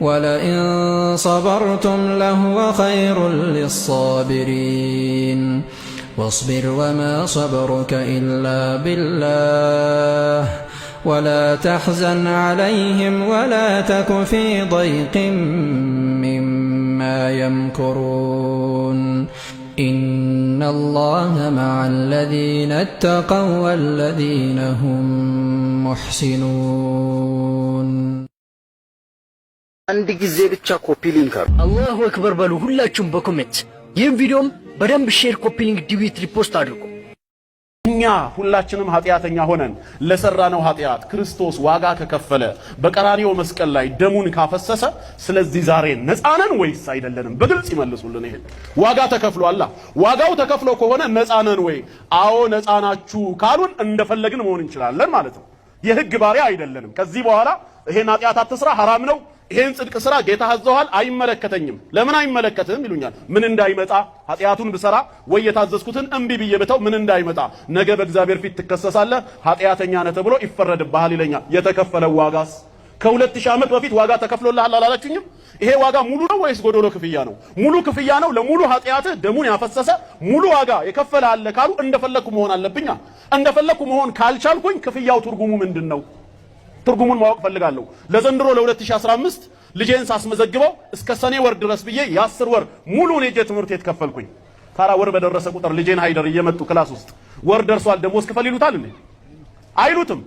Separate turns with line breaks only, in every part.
ولئن صبرتم لهو خير للصابرين واصبر وما صبرك إلا بالله ولا تحزن عليهم ولا تك في ضيق مما يمكرون إن الله مع الذين اتقوا والذين هم محسنون
አንድ ጊዜ ብቻ ኮፒ ሊንክ አሉ። አላሁ አክበር በሉ ሁላችሁም በኮሜንት ይህም ቪዲዮም በደንብ ሼር፣ ኮፒ ሊንክ፣ ዲዊት ሪፖስት አድርጉ። እኛ ሁላችንም ኃጢአተኛ ሆነን ለሰራነው ኃጢአት ክርስቶስ ዋጋ ከከፈለ በቀራኒዮ መስቀል ላይ ደሙን ካፈሰሰ፣ ስለዚህ ዛሬ ነፃነን ወይስ አይደለንም? በግልጽ ይመልሱልን። ይሄን ዋጋ ተከፍሎ አላ ዋጋው ተከፍሎ ከሆነ ነፃነን ወይ? አዎ ነፃ ካሉን እንደፈለግን መሆን እንችላለን ማለት ነው። የህግ ባሪያ አይደለንም። ከዚህ በኋላ ይሄን ኃጢአት አትስራ ሐራም ነው ይሄን ጽድቅ ስራ ጌታ አዘዋል፣ አይመለከተኝም። ለምን አይመለከትም ይሉኛል። ምን እንዳይመጣ ኃጢአቱን ብሰራ ወይ የታዘዝኩትን እምቢ ብዬ ብተው ምን እንዳይመጣ፣ ነገ በእግዚአብሔር ፊት ትከሰሳለህ፣ ኃጢአተኛ ነህ ተብሎ ይፈረድብሃል ይለኛል። የተከፈለው ዋጋስ ከሁለት ሺህ ዓመት በፊት ዋጋ ተከፍሎልሃል አላላችሁኝም? ይሄ ዋጋ ሙሉ ነው ወይስ ጎዶሎ ክፍያ ነው? ሙሉ ክፍያ ነው። ለሙሉ ኃጢአትህ ደሙን ያፈሰሰ ሙሉ ዋጋ የከፈለ አለ ካሉ እንደፈለግኩ መሆን አለብኛ። እንደፈለግኩ መሆን ካልቻልኩኝ ክፍያው ትርጉሙ ምንድን ነው? ትርጉሙን ማወቅ ፈልጋለሁ። ለዘንድሮ ለ2015 ልጄን ሳስመዘግበው እስከ ሰኔ ወር ድረስ ብዬ የአስር ወር ሙሉ ሄጄ ትምህርት ቤት ከፈልኩኝ። ታራ ወር በደረሰ ቁጥር ልጄን ሀይደር እየመጡ ክላስ ውስጥ ወር ደርሷል ደሞዝ ክፈል ይሉታል እንዴ? አይሉትም።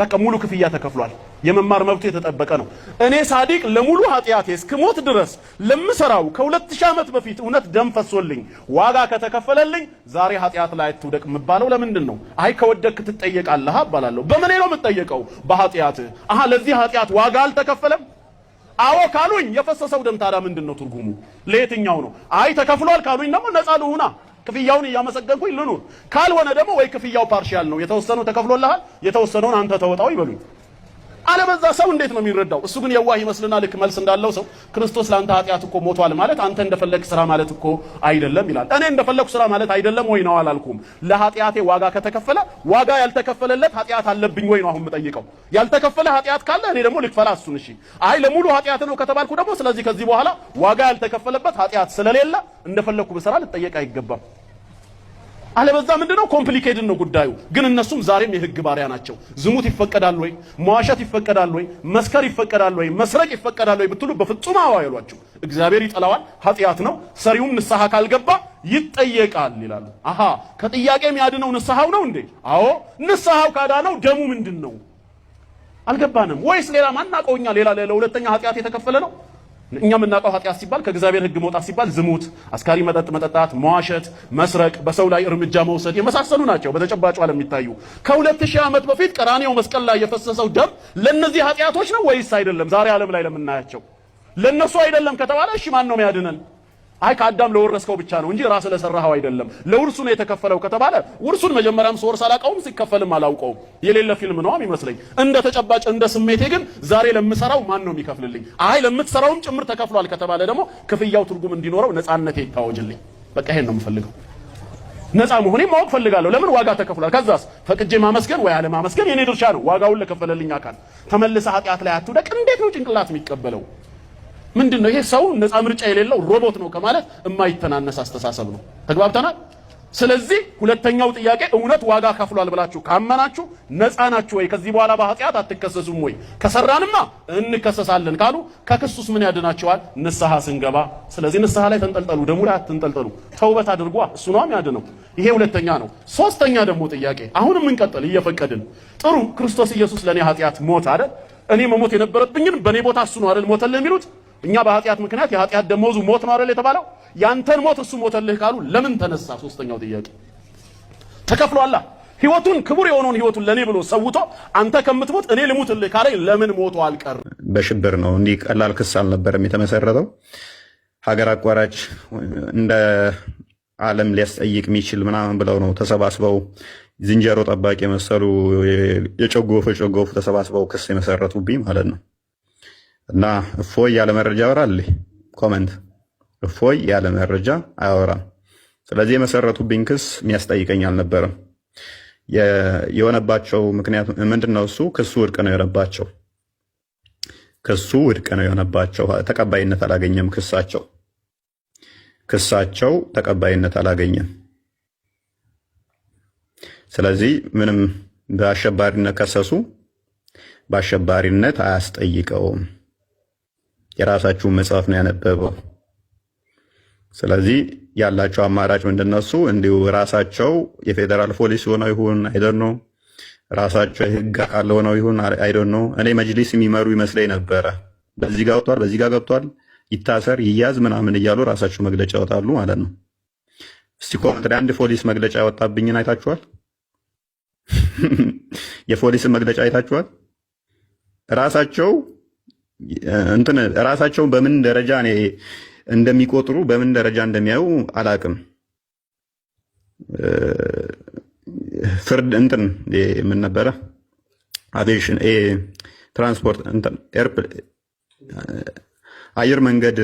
በቃ ሙሉ ክፍያ ተከፍሏል። የመማር መብቱ የተጠበቀ ነው። እኔ ሳዲቅ ለሙሉ ኃጢአቴ እስክሞት ድረስ ለምሰራው ከሁለት ሺህ ዓመት በፊት እውነት ደም ፈሶልኝ ዋጋ ከተከፈለልኝ ዛሬ ኃጢአት ላይ አትውደቅ የምባለው ለምንድን ነው? አይ ከወደክ ትጠየቃለህ እባላለሁ። በምን ነው የምጠየቀው? በኃጢአትህ። አሃ ለዚህ ኃጢአት ዋጋ አልተከፈለም? አዎ ካሉኝ የፈሰሰው ደም ታዲያ ምንድን ነው ትርጉሙ? ለየትኛው ነው? አይ ተከፍሏል ካሉኝ ደግሞ ነፃ ልሁና ክፍያውን እያመሰገንኩኝ ልኑር። ካልሆነ ደግሞ ወይ ክፍያው ፓርሻል ነው የተወሰነው ተከፍሎልሃል፣ የተወሰነውን አንተ ተወጣው ይበሉኝ። አለበዛ ሰው እንዴት ነው የሚረዳው? እሱ ግን የዋህ ይመስልና ልክ መልስ እንዳለው ሰው ክርስቶስ ለአንተ ኃጢአት እኮ ሞቷል ማለት አንተ እንደፈለግ ስራ ማለት እኮ አይደለም ይላል። እኔ እንደፈለግ ስራ ማለት አይደለም ወይ ነው አላልኩም። ለኃጢአቴ ዋጋ ከተከፈለ ዋጋ ያልተከፈለለት ኃጢአት አለብኝ ወይ ነው አሁን የምጠይቀው። ያልተከፈለ ኃጢአት ካለ እኔ ደግሞ ልክፈላ እሱን። እሺ አይ ለሙሉ ኃጢአት ነው ከተባልኩ ደግሞ ስለዚህ ከዚህ በኋላ ዋጋ ያልተከፈለበት ኃጢአት ስለሌለ እንደፈለግኩ ብሰራ ልጠየቅ አይገባም። አለበዛ ምንድነው ኮምፕሊኬትድ ነው ጉዳዩ። ግን እነሱም ዛሬም የህግ ባሪያ ናቸው። ዝሙት ይፈቀዳል ወይ? መዋሸት ይፈቀዳል ወይ? መስከር ይፈቀዳል ወይ? መስረቅ ይፈቀዳል ወይ ብትሉ በፍጹም አዋ እግዚአብሔር ይጠላዋል፣ ኃጢአት ነው። ሰሪውም ንስሐ ካልገባ ይጠየቃል ይላሉ። አሃ ከጥያቄ የሚያድነው ንስሐው ነው እንዴ? አዎ ንስሐው ካዳነው ደሙ ምንድን ነው አልገባንም ወይስ ሌላ ማናቀውኛ ሌላ ለሁለተኛ ኃጢአት የተከፈለ ነው እኛ የምናውቀው ኃጢአት ሲባል ከእግዚአብሔር ሕግ መውጣት ሲባል ዝሙት፣ አስካሪ መጠጥ መጠጣት፣ መዋሸት፣ መስረቅ፣ በሰው ላይ እርምጃ መውሰድ የመሳሰሉ ናቸው። በተጨባጩ ዓለም የሚታዩ ከሁለት ሺህ ዓመት በፊት ቀራኔው መስቀል ላይ የፈሰሰው ደም ለእነዚህ ኃጢአቶች ነው ወይስ አይደለም? ዛሬ ዓለም ላይ ለምናያቸው ለእነሱ አይደለም ከተባለ እሺ ማን ነው የሚያድነን? አይ ከአዳም ለወረስከው ብቻ ነው እንጂ ራስ ለሰራኸው አይደለም። ለውርሱ ነው የተከፈለው ከተባለ ውርሱን መጀመሪያም ስወርስ አላውቀውም፣ ሲከፈልም አላውቀውም። የሌለ ፊልም ነው የሚመስለኝ እንደ ተጨባጭ እንደ ስሜቴ። ግን ዛሬ ለምሰራው ማን ነው የሚከፍልልኝ? አይ ለምትሰራውም ጭምር ተከፍሏል ከተባለ ደግሞ ክፍያው ትርጉም እንዲኖረው ነፃነቴ ይታወጅልኝ። በቃ ይሄን ነው የምፈልገው። ነፃ መሆኔ ማወቅ ፈልጋለሁ። ለምን ዋጋ ተከፍሏል። ከዛስ ፈቅጄ ማመስገን ወይ አለማመስገን የኔ ድርሻ ነው። ዋጋውን ለከፈለልኝ አካል ተመልሰ ኃጢአት ላይ አትውደቅ። እንዴት ነው ጭንቅላት የሚቀበለው? ምንድን ነው ይሄ? ሰው ነፃ ምርጫ የሌለው ሮቦት ነው ከማለት የማይተናነስ አስተሳሰብ ነው። ተግባብተናል። ስለዚህ ሁለተኛው ጥያቄ እውነት ዋጋ ከፍሏል ብላችሁ ካመናችሁ ነፃ ናችሁ ወይ? ከዚህ በኋላ በኃጢአት አትከሰሱም ወይ? ከሰራንማ እንከሰሳለን ካሉ ከክሱስ ምን ያድናቸዋል? ንስሐ ስንገባ። ስለዚህ ንስሐ ላይ ተንጠልጠሉ፣ ደሙ ላይ አትንጠልጠሉ። ተውበት አድርጓ፣ እሱ ነው የሚያድነው። ይሄ ሁለተኛ ነው። ሶስተኛ ደግሞ ጥያቄ አሁንም እንቀጥል እየፈቀድን። ጥሩ ክርስቶስ ኢየሱስ ለእኔ ኃጢአት ሞት አይደል? እኔ መሞት የነበረብኝን በእኔ ቦታ እሱ ነው አይደል ሞተልን የሚሉት እኛ በኃጢአት ምክንያት የኃጢአት ደመወዙ ሞት ነው አይደል የተባለው? ያንተን ሞት እሱ ሞተልህ ካሉ ለምን ተነሳ? ሶስተኛው ጥያቄ ተከፍሏላ። ህይወቱን ክቡር የሆነውን ህይወቱን ለእኔ ብሎ ሰውቶ አንተ ከምትሞት እኔ ልሙትልህ ካለኝ ለምን ሞቶ አልቀር?
በሽብር ነው። እንዲህ ቀላል ክስ አልነበረም የተመሰረተው። ሀገር አቋራጭ እንደ ዓለም ሊያስጠይቅ የሚችል ምናምን ብለው ነው ተሰባስበው ዝንጀሮ ጠባቂ የመሰሉ የጨጎፈ የጨጎፉ ተሰባስበው ክስ የመሰረቱብኝ ማለት ነው። እና እፎይ ያለ መረጃ ያወራል። ኮመንት እፎይ ያለ መረጃ አያወራም። ስለዚህ የመሰረቱብኝ ክስ የሚያስጠይቀኝ አልነበረም። የሆነባቸው ምክንያት ምንድን ነው? እሱ ክሱ ውድቅ ነው የሆነባቸው። ክሱ ውድቅ ነው የሆነባቸው። ተቀባይነት አላገኘም ክሳቸው ክሳቸው ተቀባይነት አላገኘም። ስለዚህ ምንም በአሸባሪነት ከሰሱ፣ በአሸባሪነት አያስጠይቀውም። የራሳችሁን መጽሐፍ ነው ያነበበው። ስለዚህ ያላቸው አማራጭ ምንድን ነው? እንዲሁ ራሳቸው የፌዴራል ፖሊስ ሆነው ይሁን አይደን ነው ራሳቸው የህግ አካል ሆነው ይሁን አይደን ነው። እኔ መጅሊስ የሚመሩ ይመስለኝ ነበረ። በዚህ ጋር ገብቷል፣ በዚህ ጋር ገብቷል፣ ይታሰር ይያዝ ምናምን እያሉ ራሳቸው መግለጫ ያወጣሉ ማለት ነው። እስቲ ላይ አንድ ፖሊስ መግለጫ ያወጣብኝን አይታችኋል? የፖሊስን መግለጫ አይታችኋል? ራሳቸው እንትን ራሳቸውን በምን ደረጃ እኔ እንደሚቆጥሩ በምን ደረጃ እንደሚያዩ አላቅም። ፍርድ እንትን ምን ነበረ አቪዬሽን ትራንስፖርት እንትን አየር መንገድ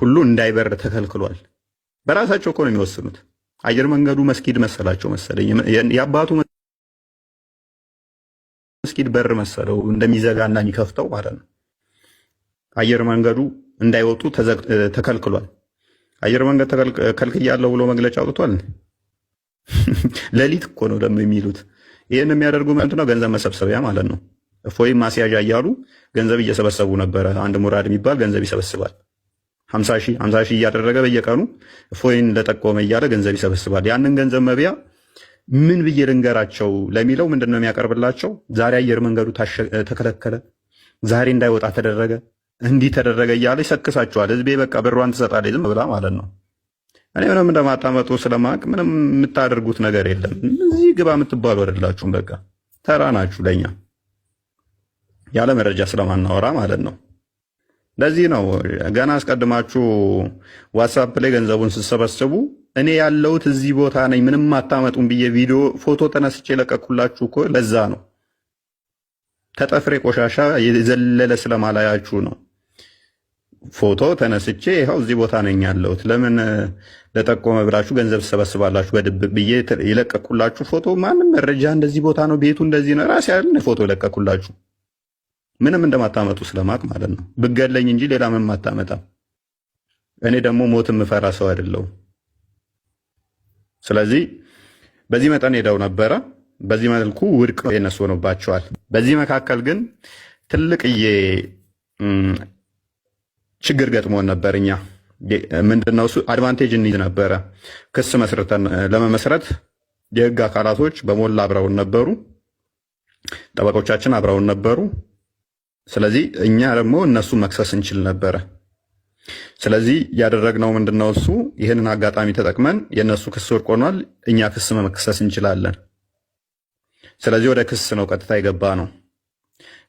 ሁሉ እንዳይበር ተከልክሏል። በራሳቸው እኮ ነው የሚወስኑት። አየር መንገዱ መስጊድ መሰላቸው መሰለኝ የአባቱ መስጊድ በር መሰለው እንደሚዘጋና የሚከፍተው ማለት ነው። አየር መንገዱ እንዳይወጡ ተከልክሏል። አየር መንገድ ከልክያለሁ ብሎ መግለጫ አውጥቷል። ሌሊት እኮ ነው ደግሞ የሚሉት። ይህን የሚያደርጉ ነው? ገንዘብ መሰብሰቢያ ማለት ነው። እፎይ ማስያዣ እያሉ ገንዘብ እየሰበሰቡ ነበረ። አንድ ሙራድ የሚባል ገንዘብ ይሰበስባል። ሀምሳ ሺህ እያደረገ በየቀኑ እፎይን ለጠቆመ እያለ ገንዘብ ይሰበስባል። ያንን ገንዘብ መብያ ምን ብዬ ልንገራቸው ለሚለው ምንድን ነው የሚያቀርብላቸው? ዛሬ አየር መንገዱ ተከለከለ፣ ዛሬ እንዳይወጣ ተደረገ፣ እንዲህ ተደረገ እያለ ይሰክሳቸዋል። ህዝቤ በቃ ብሯን ትሰጣለች ዝም ብላ ማለት ነው። እኔ ምንም እንደማጣመጡ ስለማቅ ምንም የምታደርጉት ነገር የለም። እዚህ ግባ የምትባሉ አይደላችሁም። በቃ ተራ ናችሁ ለእኛ ያለ መረጃ ስለማናወራ ማለት ነው። ለዚህ ነው ገና አስቀድማችሁ ዋትሳፕ ላይ ገንዘቡን ስትሰበስቡ እኔ ያለሁት እዚህ ቦታ ነኝ፣ ምንም አታመጡም ብዬ ቪዲዮ ፎቶ ተነስቼ ለቀኩላችሁ እኮ ለዛ ነው። ተጠፍሬ ቆሻሻ የዘለለ ስለማላያችሁ ነው። ፎቶ ተነስቼ ይኸው እዚህ ቦታ ነኝ ያለሁት፣ ለምን ለጠቆመ ብላችሁ ገንዘብ ትሰበስባላችሁ በድብቅ ብዬ የለቀኩላችሁ ፎቶ ማንም መረጃ እንደዚህ ቦታ ነው፣ ቤቱ እንደዚህ ነው፣ ራሴ ያለ ፎቶ የለቀኩላችሁ ምንም እንደማታመጡ ስለማቅ ማለት ነው። ብገለኝ እንጂ ሌላ ምንም አታመጣም። እኔ ደግሞ ሞት የምፈራ ሰው አይደለሁም። ስለዚህ በዚህ መጠን ሄደው ነበረ። በዚህ መልኩ ውድቅ የነሱ ሆኖባቸዋል። በዚህ መካከል ግን ትልቅዬ ችግር ገጥሞን ነበር። እኛ ምንድነው እሱ አድቫንቴጅ እንይዝ ነበረ። ክስ መስርተን ለመመስረት የህግ አካላቶች በሞላ አብረውን ነበሩ፣ ጠበቆቻችን አብረውን ነበሩ። ስለዚህ እኛ ደግሞ እነሱ መክሰስ እንችል ነበረ። ስለዚህ ያደረግነው ምንድነው? እሱ ይህንን አጋጣሚ ተጠቅመን የእነሱ ክስ ወድቅ ሆኗል። እኛ ክስ መመክሰስ እንችላለን። ስለዚህ ወደ ክስ ነው ቀጥታ የገባ ነው።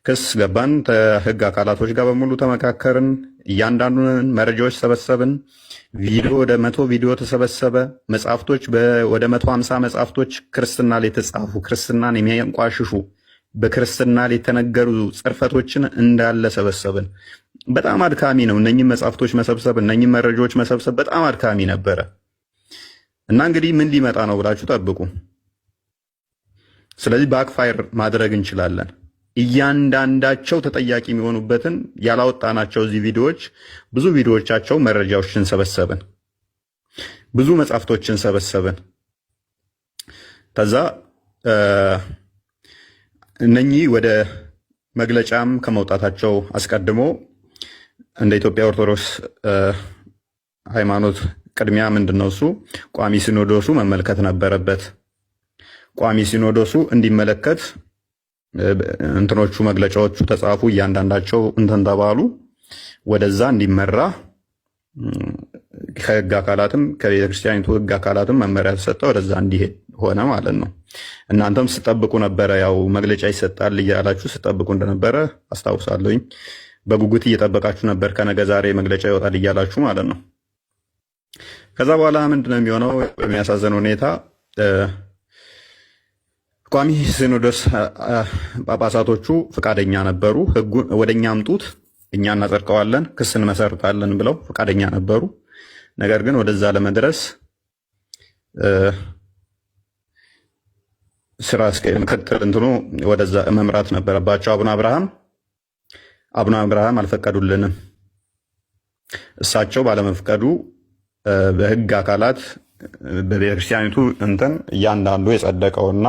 ክስ ገባን። ከህግ አካላቶች ጋር በሙሉ ተመካከርን። እያንዳንዱን መረጃዎች ሰበሰብን። ቪዲዮ ወደ መቶ ቪዲዮ ተሰበሰበ። መጽሐፍቶች ወደ መቶ ሀምሳ መጽሐፍቶች ክርስትና ላይ የተጻፉ ክርስትናን የሚያንቋሽሹ በክርስትና ላይ የተነገሩ ጽርፈቶችን እንዳለ ሰበሰብን። በጣም አድካሚ ነው። እነኝም መጽሐፍቶች መሰብሰብ እነኝም መረጃዎች መሰብሰብ በጣም አድካሚ ነበረ እና እንግዲህ ምን ሊመጣ ነው ብላችሁ ጠብቁ። ስለዚህ ባክፋይር ማድረግ እንችላለን። እያንዳንዳቸው ተጠያቂ የሚሆኑበትን ያላወጣናቸው እዚህ ቪዲዮዎች ብዙ ቪዲዮዎቻቸው መረጃዎችን ሰበሰብን፣ ብዙ መጽሐፍቶችን ሰበሰብን። ከዛ እነኚህ ወደ መግለጫም ከመውጣታቸው አስቀድሞ እንደ ኢትዮጵያ ኦርቶዶክስ ሃይማኖት ቅድሚያ ምንድን ነው እሱ ቋሚ ሲኖዶሱ መመልከት ነበረበት። ቋሚ ሲኖዶሱ እንዲመለከት እንትኖቹ መግለጫዎቹ ተጻፉ፣ እያንዳንዳቸው እንትን ተባሉ። ወደዛ እንዲመራ ከህግ አካላትም ከቤተ ህግ አካላትም መመሪያ ተሰጠ። ወደዛ እንዲሄድ ሆነ ማለት ነው። እናንተም ስጠብቁ ነበረ፣ ያው መግለጫ ይሰጣል እያላችሁ ስጠብቁ እንደነበረ አስታውሳለሁኝ። በጉጉት እየጠበቃችሁ ነበር። ከነገ ዛሬ መግለጫ ይወጣል እያላችሁ ማለት ነው። ከዛ በኋላ ምንድን ነው የሚሆነው? በሚያሳዝን ሁኔታ ቋሚ ሲኖዶስ ጳጳሳቶቹ ፈቃደኛ ነበሩ። ህጉን ወደ እኛ አምጡት፣ እኛ እናጸድቀዋለን፣ ክስ እንመሰርታለን ብለው ፈቃደኛ ነበሩ። ነገር ግን ወደዛ ለመድረስ ስራ ምክትል እንትኑ ወደዛ መምራት ነበረባቸው አቡነ አብርሃም አቡነ አብርሃም አልፈቀዱልንም። እሳቸው ባለመፍቀዱ በህግ አካላት በቤተክርስቲያኒቱ እንትን እያንዳንዱ የጸደቀውና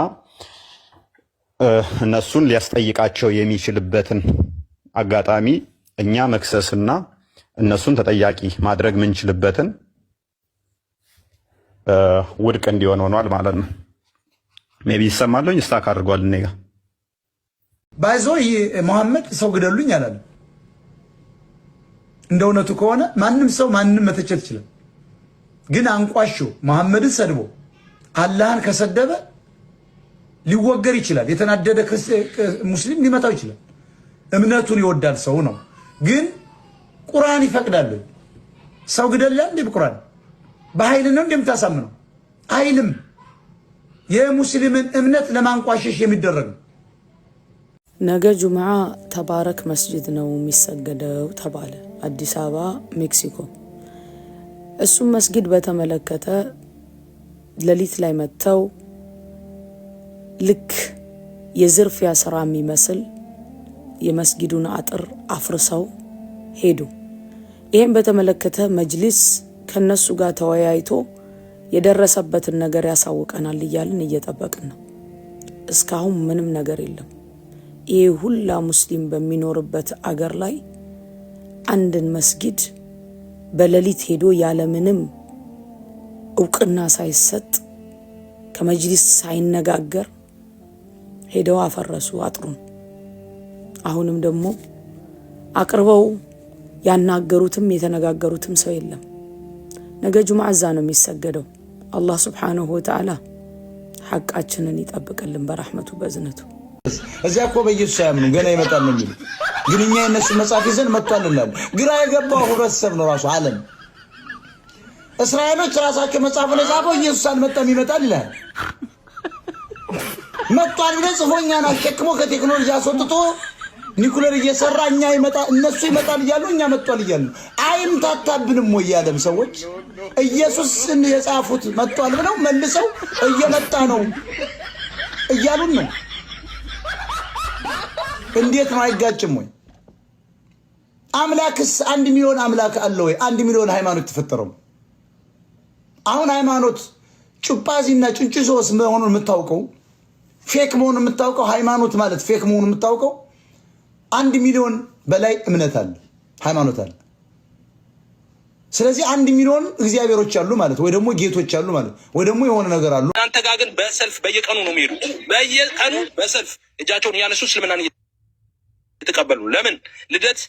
እነሱን ሊያስጠይቃቸው የሚችልበትን አጋጣሚ እኛ መክሰስና እነሱን ተጠያቂ ማድረግ ምንችልበትን ውድቅ እንዲሆን ሆኗል ማለት ነው። ሜቢ ይሰማለኝ ስታክ አድርጓል እኔ
ባይዞ ይህ መሐመድ ሰው ግደሉኝ አላለም። እንደ እውነቱ ከሆነ ማንም ሰው ማንም መተቸት ይችላል። ግን አንቋሾ መሐመድን ሰድቦ አላህን ከሰደበ ሊወገር ይችላል። የተናደደ ሙስሊም ሊመታው ይችላል። እምነቱን ይወዳል ሰው ነው። ግን ቁርአን ይፈቅዳል። ሰው ግደላ እንዴ? በቁርአን በኃይል ነው እንደምታሳምነው አይልም። የሙስሊምን እምነት ለማንቋሸሽ የሚደረግ ነው።
ነገ ጁምዓ ተባረክ መስጅድ ነው የሚሰገደው ተባለ። አዲስ አበባ ሜክሲኮ። እሱም መስጊድ በተመለከተ ሌሊት ላይ መጥተው ልክ የዝርፊያ ስራ የሚመስል የመስጊዱን አጥር አፍርሰው ሄዱ። ይህም በተመለከተ መጅሊስ ከነሱ ጋር ተወያይቶ የደረሰበትን ነገር ያሳውቀናል እያልን እየጠበቅን ነው። እስካሁን ምንም ነገር የለም። ይህ ሁላ ሙስሊም በሚኖርበት አገር ላይ አንድን መስጊድ በሌሊት ሄዶ ያለምንም እውቅና ሳይሰጥ ከመጅሊስ ሳይነጋገር ሄደው አፈረሱ አጥሩን። አሁንም ደግሞ አቅርበው ያናገሩትም የተነጋገሩትም ሰው የለም። ነገ ጁምዓ እዛ ነው የሚሰገደው። አላህ ሱብሓነሁ ወተዓላ ሐቃችንን ይጠብቅልን በራህመቱ በዝነቱ።
እዚያ እኮ በኢየሱስ አያምኑም ገና ይመጣል ነው የሚሉ ግን እኛ የነሱ መጽሐፍ ይዘን መጥቷልላሉ። ግራ የገባው ህብረተሰብ ነው ራሱ አለም እስራኤሎች ራሳቸው መጽሐፉን የጻፈው ኢየሱስ አልመጣም ይመጣል ይላል። መጥቷል ብለህ ጽፎ እኛን አሸክሞ ከቴክኖሎጂ አስወጥቶ ኒኩለር እየሰራ እኛ ይመጣ እነሱ ይመጣል እያሉ እኛ መጥቷል እያሉ አይምታታብንም ወይ ያለም ሰዎች ኢየሱስን የጻፉት መጥቷል ብለው መልሰው እየመጣ ነው እያሉን ነው። እንዴት ነው አይጋጭም ወይ? አምላክስ አንድ ሚሊዮን አምላክ አለ ወይ? አንድ ሚሊዮን ሃይማኖት የተፈጠረው አሁን ሃይማኖት ጩጳዚና ጩንጭሶስ መሆኑን የምታውቀው ፌክ መሆኑን የምታውቀው ሃይማኖት ማለት ፌክ መሆኑን የምታውቀው አንድ ሚሊዮን በላይ እምነት አለ፣ ሃይማኖት አለ። ስለዚህ አንድ ሚሊዮን እግዚአብሔሮች አሉ ማለት ወይ ደግሞ ጌቶች አሉ ማለት ወይ ደግሞ የሆነ ነገር አሉ።
እናንተ ጋር ግን በሰልፍ በየቀኑ ነው የሚሄዱት። በየቀኑ በሰልፍ እጃቸውን እያነሱ እስልምናን የተቀበሉ ለምን ልደት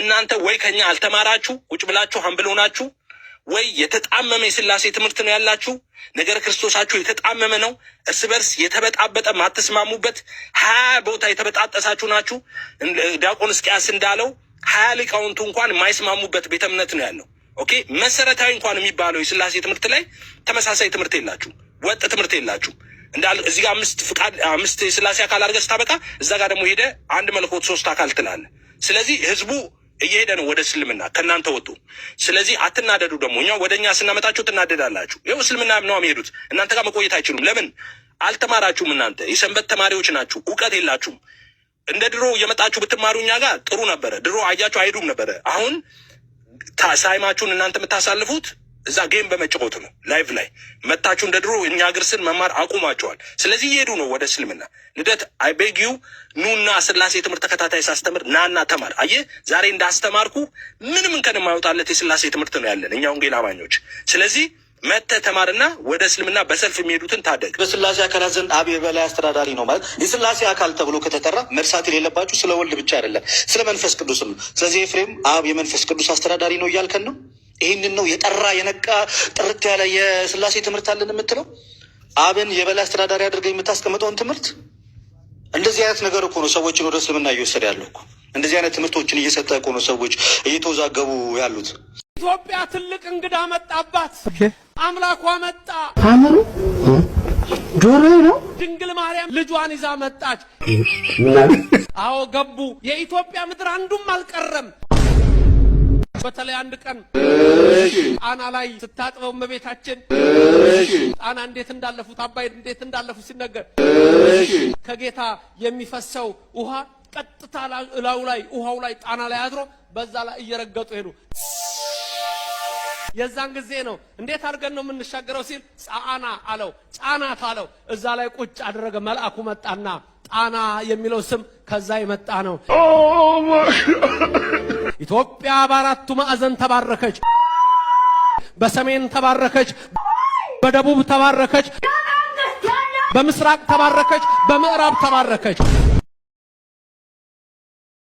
እናንተ ወይ ከኛ አልተማራችሁ ቁጭ ብላችሁ አንብሎ ናችሁ ወይ የተጣመመ የስላሴ ትምህርት ነው ያላችሁ። ነገር ክርስቶሳችሁ የተጣመመ ነው፣ እርስ በርስ የተበጣበጠ ማትስማሙበት፣ ሀያ ቦታ የተበጣጠሳችሁ ናችሁ። ዲያቆን እስቅያስ እንዳለው ሀያ ሊቃውንቱ እንኳን የማይስማሙበት ቤተ እምነት ነው ያለው። ኦኬ መሰረታዊ እንኳን የሚባለው የስላሴ ትምህርት ላይ ተመሳሳይ ትምህርት የላችሁ፣ ወጥ ትምህርት የላችሁ። እዚህ ጋር አምስት ፍቃድ አምስት የስላሴ አካል አድርገህ ስታበቃ እዛ ጋር ደግሞ ሄደ አንድ መለኮት ሶስት አካል ትላለ ስለዚህ ህዝቡ እየሄደ ነው ወደ እስልምና ከእናንተ ወጡ። ስለዚህ አትናደዱ። ደግሞ እኛ ወደ እኛ ስናመጣችሁ ትናደዳላችሁ። ይኸው እስልምና ነው የሚሄዱት። እናንተ ጋር መቆየት አይችሉም። ለምን አልተማራችሁም? እናንተ የሰንበት ተማሪዎች ናችሁ፣ እውቀት የላችሁም። እንደ ድሮ የመጣችሁ ብትማሩ እኛ ጋር ጥሩ ነበረ። ድሮ አያችሁ አይሄዱም ነበረ። አሁን ሳይማችሁን እናንተ የምታሳልፉት እዛ ጌም በመጫወት ነው። ላይቭ ላይ መታችሁ እንደ ድሮ እኛ ሀገር ስን መማር አቁማቸዋል። ስለዚህ እየሄዱ ነው ወደ እስልምና። ልደት አይቤጊዩ ኑና ስላሴ ትምህርት ተከታታይ ሳስተምር ናና ተማር። አየህ ዛሬ እንዳስተማርኩ ምንም እንከን የማይወጣለት የስላሴ ትምህርት ነው ያለን እኛ ወንጌል አማኞች። ስለዚህ መተ ተማርና ወደ እስልምና በሰልፍ የሚሄዱትን ታደግ። በስላሴ አካላት ዘንድ አብ የበላይ አስተዳዳሪ ነው ማለት የስላሴ አካል ተብሎ ከተጠራ መርሳት የሌለባችሁ ስለ ወልድ ብቻ አይደለም፣ ስለ መንፈስ ቅዱስም ነው። ስለዚህ ኤፍሬም አብ የመንፈስ ቅዱስ አስተዳዳሪ ነው እያልከን ነው። ይህንን ነው የጠራ የነቃ ጥርት ያለ የስላሴ ትምህርት አለን የምትለው አብን የበላይ አስተዳዳሪ አድርገህ የምታስቀምጠውን ትምህርት እንደዚህ አይነት ነገር እኮ ነው ሰዎችን ወደ እስልምና እየወሰደ ያለው እኮ እንደዚህ አይነት ትምህርቶችን እየሰጠ እኮ ነው ሰዎች እየተወዛገቡ ያሉት።
ኢትዮጵያ ትልቅ እንግዳ መጣባት። አምላኳ መጣ።
አምሩ ጆሮ ነው
ድንግል ማርያም ልጇን ይዛ መጣች። አዎ ገቡ። የኢትዮጵያ ምድር አንዱም አልቀረም። በተለይ አንድ ቀን ጣና ላይ ስታጥበው እመቤታችን ጣና እንዴት እንዳለፉት አባይ እንዴት እንዳለፉት ሲነገር ከጌታ የሚፈሰው ውሃ ቀጥታ እላው ላይ ውሃው ላይ ጣና ላይ አድሮ በዛ ላይ እየረገጡ ሄዱ። የዛን ጊዜ ነው እንዴት አድርገን ነው የምንሻገረው ሲል ጻና አለው፣ ጫናት አለው። እዛ ላይ ቁጭ አደረገ። መልአኩ መጣና ጣና የሚለው ስም ከዛ የመጣ ነው። ኢትዮጵያ በአራቱ ማዕዘን ተባረከች። በሰሜን ተባረከች፣ በደቡብ ተባረከች፣ በምስራቅ ተባረከች፣ በምዕራብ ተባረከች።